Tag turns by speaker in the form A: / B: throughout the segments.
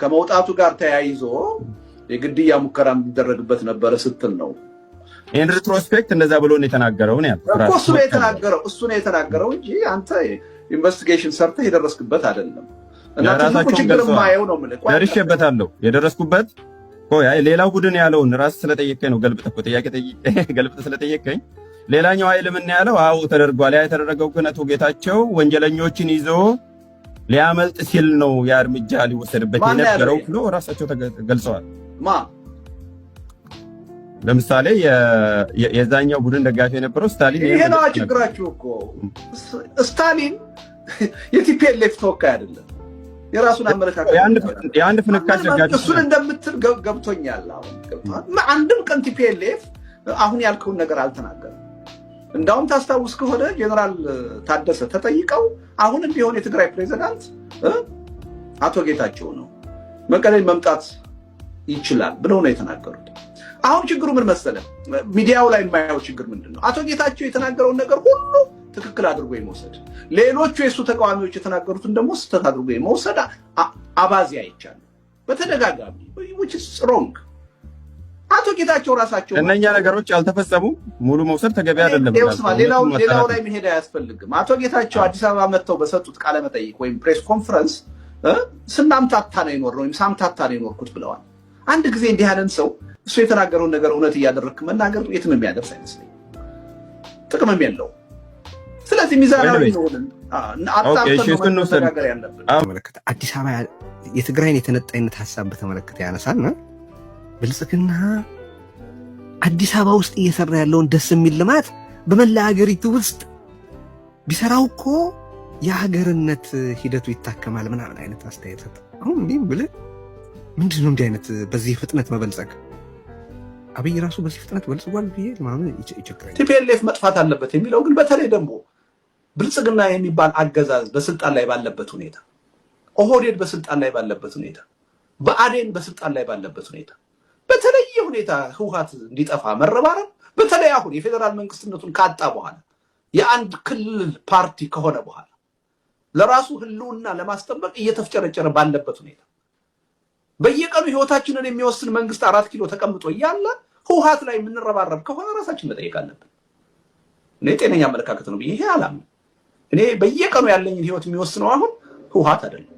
A: ከመውጣቱ ጋር ተያይዞ የግድያ ሙከራ የሚደረግበት ነበረ ስትል ነው።
B: ኢን ሪትሮስፔክት እንደዛ ብሎ የተናገረው
A: እሱ ነው የተናገረው እሱ ነው የተናገረው እንጂ አንተ ኢንቨስቲጌሽን ሰርተህ የደረስክበት አይደለም።
B: እና ትልቁ ችግር ማየው ነው የምልህ። ደርሼበታለሁ የደረስኩበት ሌላው ቡድን ያለውን ራስ ስለጠየቀኝ ነው። ገልብጥ እኮ ጥያቄ ገልብጥ ስለጠየቀኝ ሌላኛው ኃይል ምን ያለው አው ተደርጓል። ያ የተደረገው ክህነቱ ጌታቸው ወንጀለኞችን ይዞ ሊያመልጥ ሲል ነው ያ እርምጃ ሊወሰድበት የነበረው ብሎ ራሳቸው ገልጸዋል። ለምሳሌ የዛኛው ቡድን ደጋፊ የነበረው ስታሊን።
A: ይሄ ነው ችግራችሁ እኮ ስታሊን የቲፒኤልኤፍ ተወካይ አይደለም። የራሱን
B: አመለካከት የአንድ ፍንካች
A: ደጋፊ እሱን እንደምትል ገብቶኛል። አሁን አንድም ቀን ቲፒኤልኤፍ አሁን ያልከውን ነገር አልተናገርም። እንዳውም ታስታውስ ከሆነ ጀኔራል ታደሰ ተጠይቀው አሁንም ቢሆን የትግራይ ፕሬዚዳንት አቶ ጌታቸው ነው መቀሌን መምጣት ይችላል ብለው ነው የተናገሩት። አሁን ችግሩ ምን መሰለ፣ ሚዲያው ላይ የማየው ችግር ምንድን ነው? አቶ ጌታቸው የተናገረውን ነገር ሁሉ ትክክል አድርጎ የመውሰድ ሌሎቹ የእሱ ተቃዋሚዎች የተናገሩትን ደግሞ ስህተት አድርጎ የመውሰድ አባዜ አይቻልም በተደጋጋሚ ሮንግ አቶ ጌታቸው ራሳቸው
B: እነኛ ነገሮች ያልተፈጸሙ ሙሉ መውሰድ ተገቢ አይደለም።
A: ሌላው ላይ መሄድ አያስፈልግም። አቶ ጌታቸው አዲስ አበባ መጥተው በሰጡት ቃለ መጠይቅ ወይም ፕሬስ ኮንፈረንስ ስናምታታ ነው የኖር ነው ወይም ሳምታታ ነው የኖርኩት ብለዋል። አንድ ጊዜ እንዲህ ያለን ሰው እሱ የተናገረውን ነገር እውነት እያደረግክ መናገር የትም የሚያደርስ አይመስለኝ፣ ጥቅምም የለው። ስለዚህ ሚዛናዊ
B: ነውልን አጣምተን መነጋገር ያለብን አዲስ አበባ የትግራይን የተነጣይነት ሀሳብ በተመለከተ ያነሳል ነው ብልጽግና አዲስ አበባ ውስጥ እየሰራ ያለውን ደስ የሚል ልማት በመላ ሀገሪቱ ውስጥ ቢሰራው እኮ የሀገርነት ሂደቱ ይታከማል ምናምን አይነት አስተያየት ሰጥ። አሁን እኔም ብልህ ምንድን ነው እንዲህ አይነት በዚህ ፍጥነት መበልጸግ አብይ ራሱ በዚህ ፍጥነት በልጽጓል ብዬ ምናምን ይቸግራል።
A: ቲፒኤልኤፍ መጥፋት አለበት የሚለው ግን በተለይ ደግሞ ብልጽግና የሚባል አገዛዝ በስልጣን ላይ ባለበት ሁኔታ፣ ኦህዴድ በስልጣን ላይ ባለበት ሁኔታ፣ በአዴን በስልጣን ላይ ባለበት ሁኔታ በተለየ ሁኔታ ህውሀት እንዲጠፋ መረባረብ በተለይ አሁን የፌዴራል መንግስትነቱን ካጣ በኋላ የአንድ ክልል ፓርቲ ከሆነ በኋላ ለራሱ ህልውና ለማስጠበቅ እየተፍጨረጨረ ባለበት ሁኔታ በየቀኑ ህይወታችንን የሚወስን መንግስት አራት ኪሎ ተቀምጦ እያለ ህውሀት ላይ የምንረባረብ ከሆነ ራሳችን መጠየቅ አለብን። እኔ ጤነኛ አመለካከት ነው ብዬ ይሄ አላም እኔ በየቀኑ ያለኝን ህይወት የሚወስነው አሁን ህውሀት አይደለም፣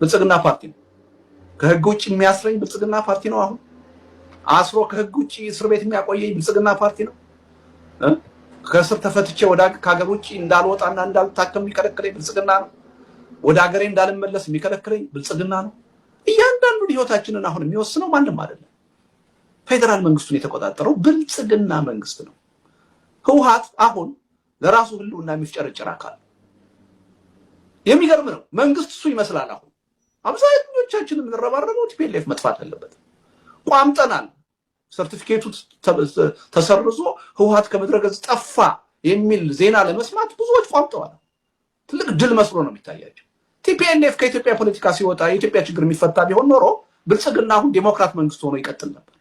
A: ብልጽግና ፓርቲ ነው። ከህግ ውጭ የሚያስረኝ ብልጽግና ፓርቲ ነው አሁን አስሮ ከህግ ውጭ እስር ቤት የሚያቆየ ብልጽግና ፓርቲ ነው። ከእስር ተፈትቼ ወደ ከሀገር ውጭ እንዳልወጣና እንዳልታከም የሚከለክለኝ ብልጽግና ነው። ወደ ሀገሬ እንዳልመለስ የሚከለክለኝ ብልጽግና ነው። እያንዳንዱን ህይወታችንን አሁን የሚወስነው ማንም አይደለም። ፌዴራል መንግስቱን የተቆጣጠረው ብልጽግና መንግስት ነው። ህውሀት አሁን ለራሱ ህልውና የሚፍጨረጭር አካል የሚገርም ነው። መንግስት እሱ ይመስላል። አሁን አብዛኞቻችን የምንረባረበው ቲፒኤልኤፍ መጥፋት አለበት። ቋምጠናል። ሰርቲፊኬቱ ተሰርዞ ህወሓት ከመድረገዝ ጠፋ የሚል ዜና ለመስማት ብዙዎች ቋምጠዋል። ትልቅ ድል መስሎ ነው የሚታያቸው። ቲፒኤልኤፍ ከኢትዮጵያ ፖለቲካ ሲወጣ የኢትዮጵያ ችግር የሚፈታ ቢሆን ኖሮ ብልጽግና አሁን ዴሞክራት መንግስት ሆኖ ይቀጥል ነበር።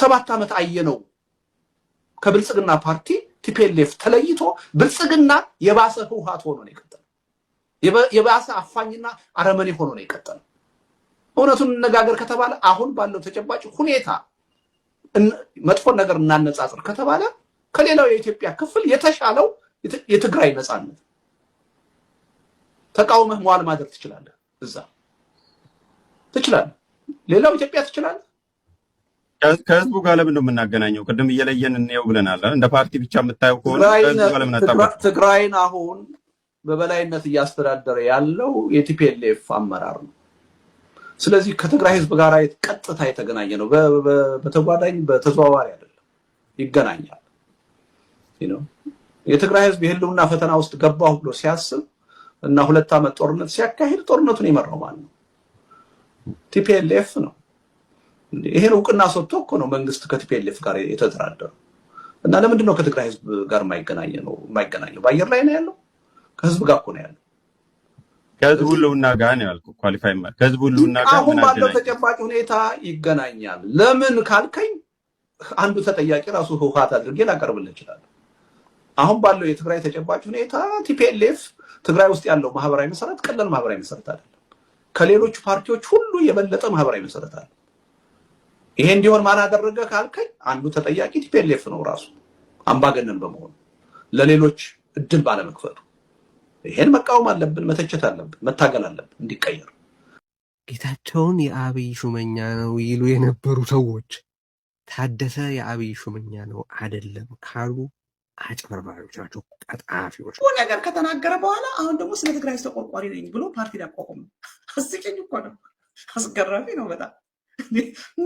A: ሰባት ዓመት አየነው። ከብልጽግና ፓርቲ ቲፒኤልኤፍ ተለይቶ ብልጽግና የባሰ ህውሃት ሆኖ ነው የቀጠለው። የባሰ አፋኝና አረመኔ ሆኖ ነው የቀጠለው። እውነቱን እነጋገር ከተባለ አሁን ባለው ተጨባጭ ሁኔታ መጥፎ ነገር እናነጻጽር ከተባለ ከሌላው የኢትዮጵያ ክፍል የተሻለው የትግራይ ነፃነት ተቃውመህ መዋል ማድረግ ትችላለህ። እዛ ትችላለህ። ሌላው ኢትዮጵያ ትችላለህ።
B: ከህዝቡ ጋር ለምን ነው የምናገናኘው? ቅድም እየለየን እንየው ብለናል። እንደ ፓርቲ ብቻ የምታየው
A: ከሆነ ትግራይን አሁን በበላይነት እያስተዳደረ ያለው የቲፒኤልኤፍ አመራር ነው። ስለዚህ ከትግራይ ህዝብ ጋር ቀጥታ የተገናኘ ነው። በተጓዳኝ በተዘዋዋሪ አይደለም፣ ይገናኛል። የትግራይ ህዝብ የህልውና ፈተና ውስጥ ገባሁ ብሎ ሲያስብ እና ሁለት ዓመት ጦርነት ሲያካሂድ ጦርነቱን የመራው ማን ነው? ቲፒኤልኤፍ ነው። ይሄን እውቅና ሰጥቶ እኮ ነው መንግስት ከቲፒኤልኤፍ ጋር የተደራደረው። እና ለምንድን ነው ከትግራይ ህዝብ ጋር የማይገናኘው? በአየር ላይ ነው ያለው። ከህዝብ ጋር እኮ ነው ያለው።
B: ከህዝቡ ህልውና ጋር ነው ያልኩ ኳሊፋይ ከህዝቡ ህልውና
A: ጋር አሁን ባለው ተጨባጭ ሁኔታ ይገናኛል። ለምን ካልከኝ አንዱ ተጠያቂ ራሱ ህውሀት አድርጌ ላቀርብልህ እችላለሁ። አሁን ባለው የትግራይ ተጨባጭ ሁኔታ ቲፒኤልኤፍ ትግራይ ውስጥ ያለው ማህበራዊ መሰረት ቀላል ማህበራዊ መሰረት አይደለም። ከሌሎቹ ፓርቲዎች ሁሉ የበለጠ ማህበራዊ መሰረት አለ። ይሄ እንዲሆን ማን አደረገ ካልከኝ አንዱ ተጠያቂ ቲፒኤልኤፍ ነው ራሱ አምባገነን በመሆኑ ለሌሎች እድል ባለመክፈቱ ይሄን መቃወም አለብን፣ መተቸት አለብን፣ መታገል አለብን እንዲቀየር።
B: ጌታቸውን የአብይ ሹመኛ ነው ይሉ የነበሩ ሰዎች ታደሰ የአብይ ሹመኛ ነው አይደለም ካሉ አጭበርባሪዎች ናቸው፣ ቀጣፊዎች።
A: ነገር ከተናገረ በኋላ አሁን ደግሞ ስለ ትግራይ ተቆርቋሪ ነኝ ብሎ ፓርቲ ሊያቋቁም ነው። አስቂኝ እኮ ነው፣ አስገራሚ ነው በጣም።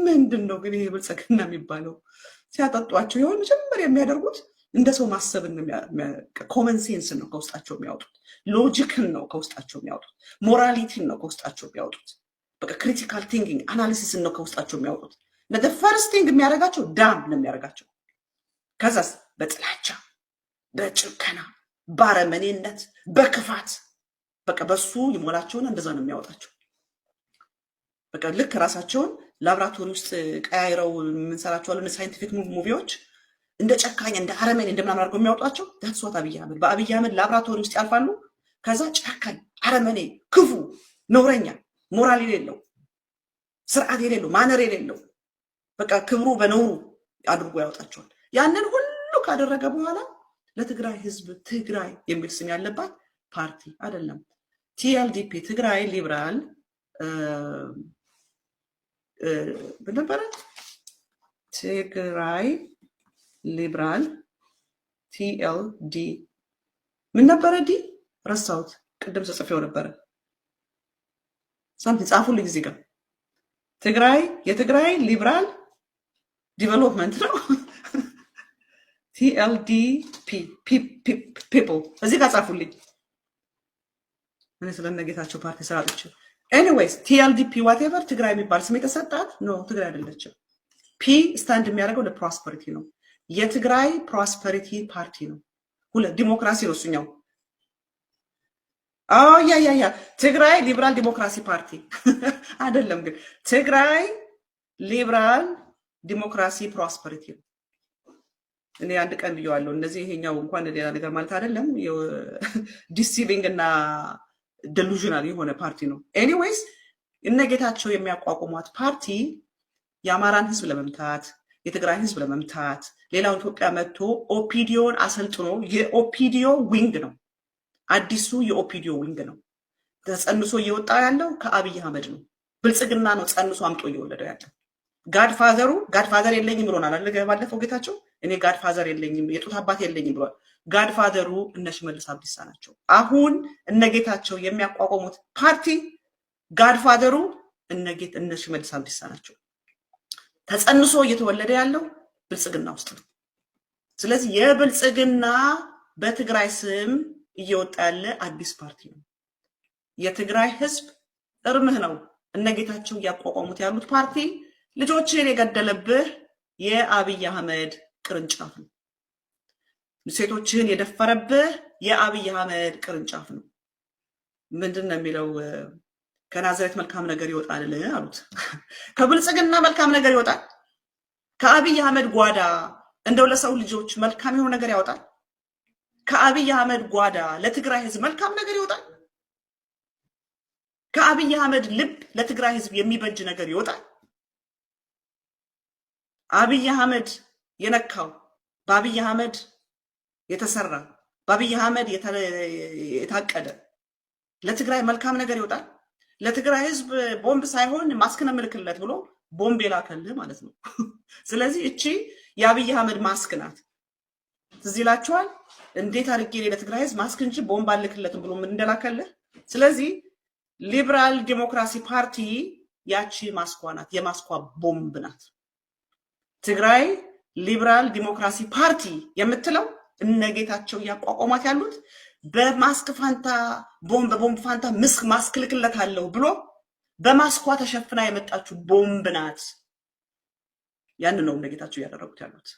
A: ምንድን ነው ግን ይሄ ብልጽግና የሚባለው? ሲያጠጧቸው የሆን ጭምር የሚያደርጉት እንደ ሰው ማሰብን ኮመን ሴንስን ነው ከውስጣቸው የሚያወጡት። ሎጂክን ነው ከውስጣቸው የሚያወጡት። ሞራሊቲን ነው ከውስጣቸው የሚያወጡት። በቃ ክሪቲካል ቲንኪንግ አናሊሲስን ነው ከውስጣቸው የሚያወጡት። ነገ ፈርስት ቲንግ የሚያደርጋቸው ዳም ነው የሚያደርጋቸው። ከዛስ በጥላቻ በጭከና ባረመኔነት በክፋት በቃ በሱ ይሞላቸውና እንደዛ ነው የሚያወጣቸው። በቃ ልክ ራሳቸውን ላብራቶሪ ውስጥ ቀያይረው የምንሰራቸው ሳይንቲፊክ ሙቪዎች እንደ ጨካኝ እንደ አረመኔ እንደምናምን አድርገው የሚያወጧቸው ዳትስዋት አብይ አህመድ በአብይ አህመድ ላብራቶሪ ውስጥ ያልፋሉ። ከዛ ጨካኝ አረመኔ፣ ክፉ፣ ነውረኛ፣ ሞራል የሌለው ስርዓት የሌለው ማነር የሌለው በቃ ክብሩ በነውሩ አድርጎ ያወጣቸዋል። ያንን ሁሉ ካደረገ በኋላ ለትግራይ ህዝብ ትግራይ የሚል ስም ያለባት ፓርቲ አይደለም ቲኤልዲፒ ትግራይ ሊብራል ብነበረ ትግራይ ሊብራል ቲኤልዲ ምን ነበረ? ዲ ረሳሁት። ቅድም ተጽፌው ነበረ። ሳምቲንግ ጻፉልኝ እዚህ ጋር ትግራይ የትግራይ ሊብራል ዲቨሎፕመንት ነው። ቲኤልዲ ፒፕል እዚህ ጋር ጻፉልኝ። እኔ ስለነጌታቸው ፓርቲ ስራጥች ኤኒዌይስ ቲኤልዲፒ ዋቴቨር ትግራይ የሚባል ስም የተሰጣት ኖ ትግራይ አይደለችም። ፒ ስታንድ የሚያደርገው ለፕሮስፐሪቲ ነው። የትግራይ ፕሮስፐሪቲ ፓርቲ ነው። ዲሞክራሲ ነው እሱኛው። ያ ያ ያ ትግራይ ሊብራል ዲሞክራሲ ፓርቲ አይደለም፣ ግን ትግራይ ሊብራል ዲሞክራሲ ፕሮስፐሪቲ ነው። እኔ አንድ ቀን ብየዋለሁ። እነዚህ ይሄኛው እንኳን ሌላ ነገር ማለት አይደለም። ዲሲቪንግ እና ደሉዥናል የሆነ ፓርቲ ነው። ኤኒዌይስ እነ ጌታቸው የሚያቋቁሟት ፓርቲ የአማራን ህዝብ ለመምታት የትግራይ ህዝብ ለመምታት ሌላው ኢትዮጵያ መጥቶ ኦፒዲዮን አሰልጥኖ የኦፒዲዮ ዊንግ ነው፣ አዲሱ የኦፒዲዮ ዊንግ ነው። ተጸንሶ እየወጣ ያለው ከአብይ አህመድ ነው። ብልጽግና ነው ጸንሶ አምጦ እየወለደው ያለው። ጋድፋዘሩ ጋድፋዘር የለኝም ብሎናል አለ ባለፈው ጌታቸው። እኔ ጋድፋዘር የለኝም የጡት አባት የለኝም ብሏል። ጋድፋዘሩ እነ ሽመልስ አብዲሳ ናቸው። አሁን እነ ጌታቸው የሚያቋቋሙት ፓርቲ ጋድፋዘሩ እነ ሽመልስ አብዲሳ ናቸው። ተጸንሶ እየተወለደ ያለው ብልጽግና ውስጥ ነው። ስለዚህ የብልጽግና በትግራይ ስም እየወጣ ያለ አዲስ ፓርቲ ነው። የትግራይ ህዝብ እርምህ ነው። እነ ጌታቸው እያቋቋሙት ያሉት ፓርቲ ልጆችን የገደለብህ የአብይ አህመድ ቅርንጫፍ ነው። ሴቶችን የደፈረብህ የአብይ አህመድ ቅርንጫፍ ነው። ምንድን ነው የሚለው ከናዝሬት መልካም ነገር ይወጣል አሉት። ከብልጽግና መልካም ነገር ይወጣል? ከአብይ አህመድ ጓዳ እንደው ለሰው ልጆች መልካም የሆነ ነገር ያወጣል? ከአብይ አህመድ ጓዳ ለትግራይ ህዝብ መልካም ነገር ይወጣል? ከአብይ አህመድ ልብ ለትግራይ ህዝብ የሚበጅ ነገር ይወጣል? አብይ አህመድ የነካው በአብይ አህመድ የተሰራ በአብይ አህመድ የታቀደ ለትግራይ መልካም ነገር ይወጣል? ለትግራይ ህዝብ ቦምብ ሳይሆን ማስክ ነው የምልክለት ብሎ ቦምብ የላከልህ ማለት ነው። ስለዚህ እቺ የአብይ አህመድ ማስክ ናት። ትዝ ይላችኋል እንዴት አድርጌ ለትግራይ ህዝብ ማስክ እንጂ ቦምብ አልልክለትም ብሎ ምን እንደላከልህ። ስለዚህ ሊበራል ዲሞክራሲ ፓርቲ ያቺ ማስኳ ናት፣ የማስኳ ቦምብ ናት። ትግራይ ሊበራል ዲሞክራሲ ፓርቲ የምትለው እነ ጌታቸው እያቋቋሟት ያሉት በማስክ ፋንታ ቦምብ በቦምብ ፋንታ ምስክ ማስክ ልክለታለሁ ብሎ በማስኳ ተሸፍና የመጣችው ቦምብ ናት። ያን ነው ለጌታቸው እያደረጉት ያሉት።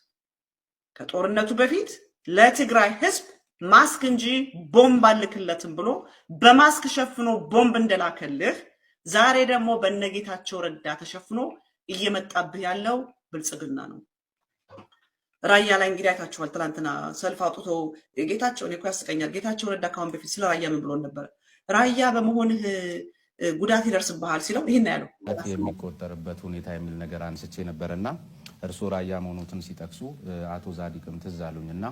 A: ከጦርነቱ በፊት ለትግራይ ህዝብ ማስክ እንጂ ቦምብ አልክለትም ብሎ በማስክ ሸፍኖ ቦምብ እንደላከልህ ዛሬ ደግሞ በነጌታቸው ረዳ ተሸፍኖ እየመጣብህ ያለው ብልጽግና ነው። ራያ ላይ እንግዲህ አይታችኋል። ትላንትና ሰልፍ አውጥቶ ጌታቸውን እኮ ያስቀኛል። ጌታቸውን ረዳ ካሁን በፊት ስለ ራያ ምን ብሎን ነበረ? ራያ በመሆንህ ጉዳት ይደርስብሃል ሲለው ይህን ያለው የሚቆጠርበት ሁኔታ የሚል ነገር አንስቼ ነበር እና እርስዎ ራያ መሆኑትን ሲጠቅሱ አቶ ዛዲቅም ትዝ አሉኝ እና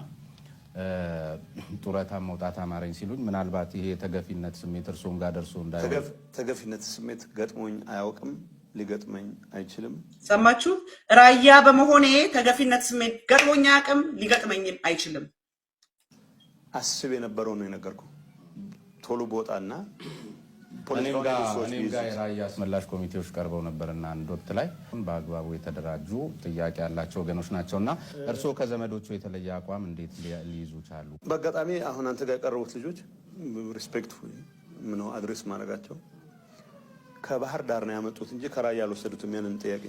A: ጡረታ መውጣት አማረኝ ሲሉኝ ምናልባት ይሄ የተገፊነት ስሜት እርስዎም ጋር ደርሶ እንዳይሆን ተገፊነት ስሜት ገጥሞኝ አያውቅም። ሊገጥመኝ አይችልም። ሰማችሁ? ራያ በመሆኔ ተገፊነት ስሜት ገጥሞኝ አቅም ሊገጥመኝም አይችልም። አስብ የነበረው ነው የነገርኩ። ቶሎ ቦጣና እኔም ጋ የራያ አስመላሽ ኮሚቴዎች ቀርበው ነበርና አንድ ወቅት ላይ በአግባቡ የተደራጁ ጥያቄ ያላቸው ወገኖች ናቸው እና እርስዎ ከዘመዶቹ የተለየ አቋም እንዴት ሊይዙ ቻሉ? በአጋጣሚ አሁን አንተ ጋር የቀረቡት ልጆች ሪስፔክት ምነው አድሬስ ማድረጋቸው ከባህር ዳር ነው ያመጡት እንጂ ከራያ አልወሰዱትም። ያንን ጥያቄ